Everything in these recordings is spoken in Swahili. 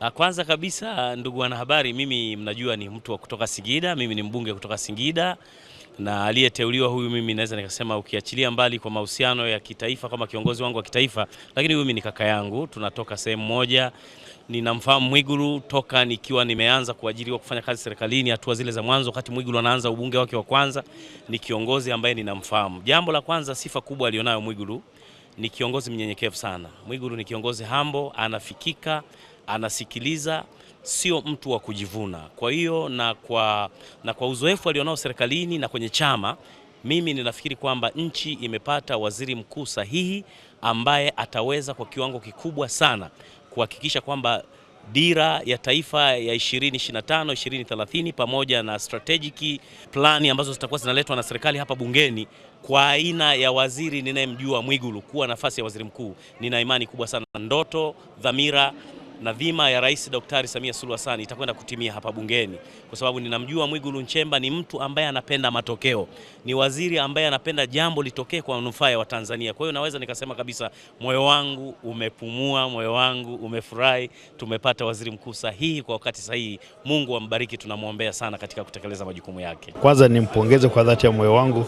Ah, kwanza kabisa, ndugu wanahabari, mimi mnajua ni mtu wa kutoka Singida, mimi ni mbunge kutoka Singida na aliyeteuliwa huyu, mimi naweza nikasema, ukiachilia mbali kwa mahusiano ya kitaifa kama kiongozi wangu wa kitaifa, lakini huyu mimi ni kaka yangu, tunatoka sehemu moja, ninamfahamu Mwigulu toka nikiwa nimeanza kuajiriwa kufanya kazi serikalini, hatua zile za mwanzo, wakati Mwigulu anaanza ubunge wake wa kwanza. Ni kiongozi ambaye ninamfahamu. Jambo la kwanza, sifa kubwa alionayo Mwigulu ni kiongozi mnyenyekevu sana. Mwigulu ni kiongozi hambo, anafikika anasikiliza, sio mtu wa kujivuna. Kwa hiyo na kwa, na kwa uzoefu alionao serikalini na kwenye chama, mimi ninafikiri kwamba nchi imepata waziri mkuu sahihi ambaye ataweza kwa kiwango kikubwa sana kuhakikisha kwamba dira ya taifa ya 2025 2030 pamoja na strategic plan ambazo zitakuwa zinaletwa na serikali hapa bungeni kwa aina ya waziri ninayemjua Mwigulu kuwa nafasi ya waziri mkuu, nina imani kubwa sana ndoto, dhamira na dhima ya Rais Daktari Samia Suluhu Hassan itakwenda kutimia hapa bungeni, kwa sababu ninamjua Mwigulu Nchemba ni mtu ambaye anapenda matokeo, ni waziri ambaye anapenda jambo litokee kwa manufaa ya Watanzania. Kwa hiyo naweza nikasema kabisa, moyo wangu umepumua, moyo wangu umefurahi, tumepata waziri mkuu sahihi kwa wakati sahihi. Mungu ambariki, tunamwombea sana katika kutekeleza majukumu yake. Kwanza nimpongeze kwa dhati ya moyo wangu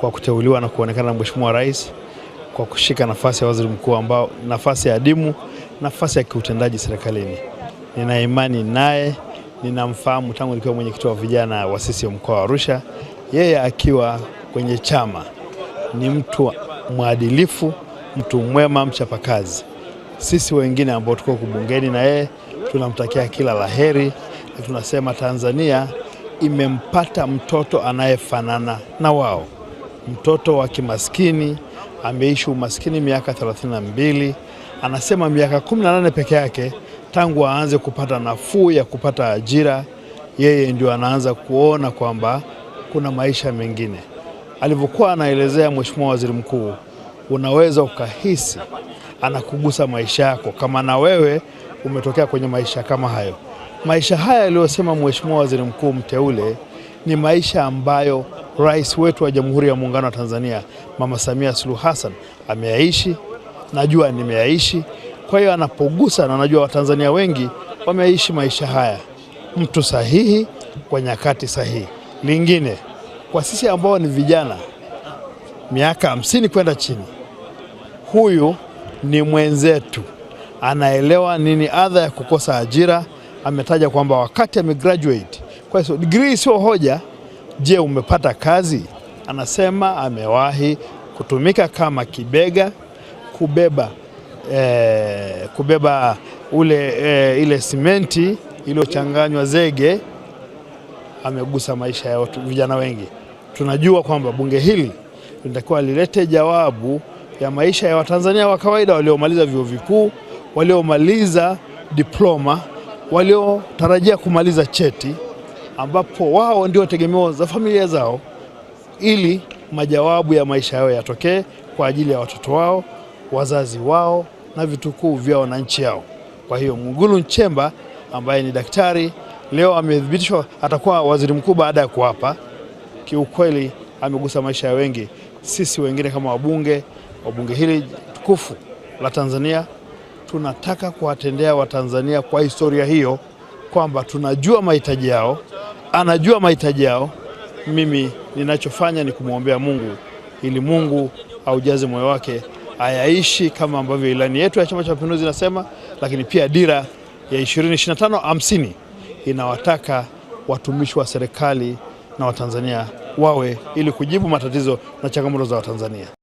kwa kuteuliwa na kuonekana na Mheshimiwa Rais kwa kushika nafasi ya waziri mkuu ambao nafasi ya adimu nafasi ya kiutendaji serikalini. Nina imani naye, ninamfahamu tangu nikiwa mwenyekiti wa vijana wa sisi mkoa wa Arusha, yeye akiwa kwenye chama. Ni mtu mwadilifu, mtu mwema, mchapakazi. Sisi wengine ambao tuko kubungeni na yeye tunamtakia kila laheri, na tunasema Tanzania imempata mtoto anayefanana na wao, mtoto wa kimaskini ameishi umaskini miaka 32 anasema miaka 18 peke yake tangu aanze kupata nafuu ya kupata ajira, yeye ndio anaanza kuona kwamba kuna maisha mengine. Alivyokuwa anaelezea Mheshimiwa Waziri Mkuu, unaweza ukahisi anakugusa maisha yako kama na wewe umetokea kwenye maisha kama hayo. Maisha haya yaliyosema Mheshimiwa Waziri Mkuu mteule ni maisha ambayo rais wetu wa Jamhuri ya Muungano wa Tanzania Mama Samia Suluhu Hassan ameyaishi najua nimeyaishi. Kwa hiyo anapogusa, na najua Watanzania wengi wameishi maisha haya, mtu sahihi kwa nyakati sahihi. Lingine kwa sisi ambao ni vijana miaka hamsini kwenda chini, huyu ni mwenzetu, anaelewa nini adha ya kukosa ajira. Ametaja kwamba wakati amegraduate, kwa hiyo degree sio hoja. Je, umepata kazi? Anasema amewahi kutumika kama kibega kubeba, eh, kubeba ule, eh, ile simenti iliyochanganywa zege amegusa maisha ya watu vijana wengi. Tunajua kwamba bunge hili linatakiwa lilete jawabu ya maisha ya Watanzania wa kawaida waliomaliza vyuo vikuu, waliomaliza diploma, waliotarajia kumaliza cheti, ambapo wao ndio tegemeo za familia zao, ili majawabu ya maisha yao yatokee kwa ajili ya watoto wao wazazi wao na vitukuu vya wananchi yao Kwa hiyo Mwigulu Nchemba ambaye ni daktari leo amethibitishwa atakuwa waziri mkuu baada ya kuapa. Kiukweli amegusa maisha ya wengi, sisi wengine kama wabunge wa bunge hili tukufu la Tanzania tunataka kuwatendea Watanzania kwa historia hiyo kwamba tunajua mahitaji yao, anajua mahitaji yao. Mimi ninachofanya ni kumwombea Mungu ili Mungu aujaze moyo wake hayaishi kama ambavyo ilani yetu ya Chama cha Mapinduzi inasema, lakini pia dira ya 2025 50 inawataka watumishi wa serikali na Watanzania wawe ili kujibu matatizo na changamoto za Watanzania.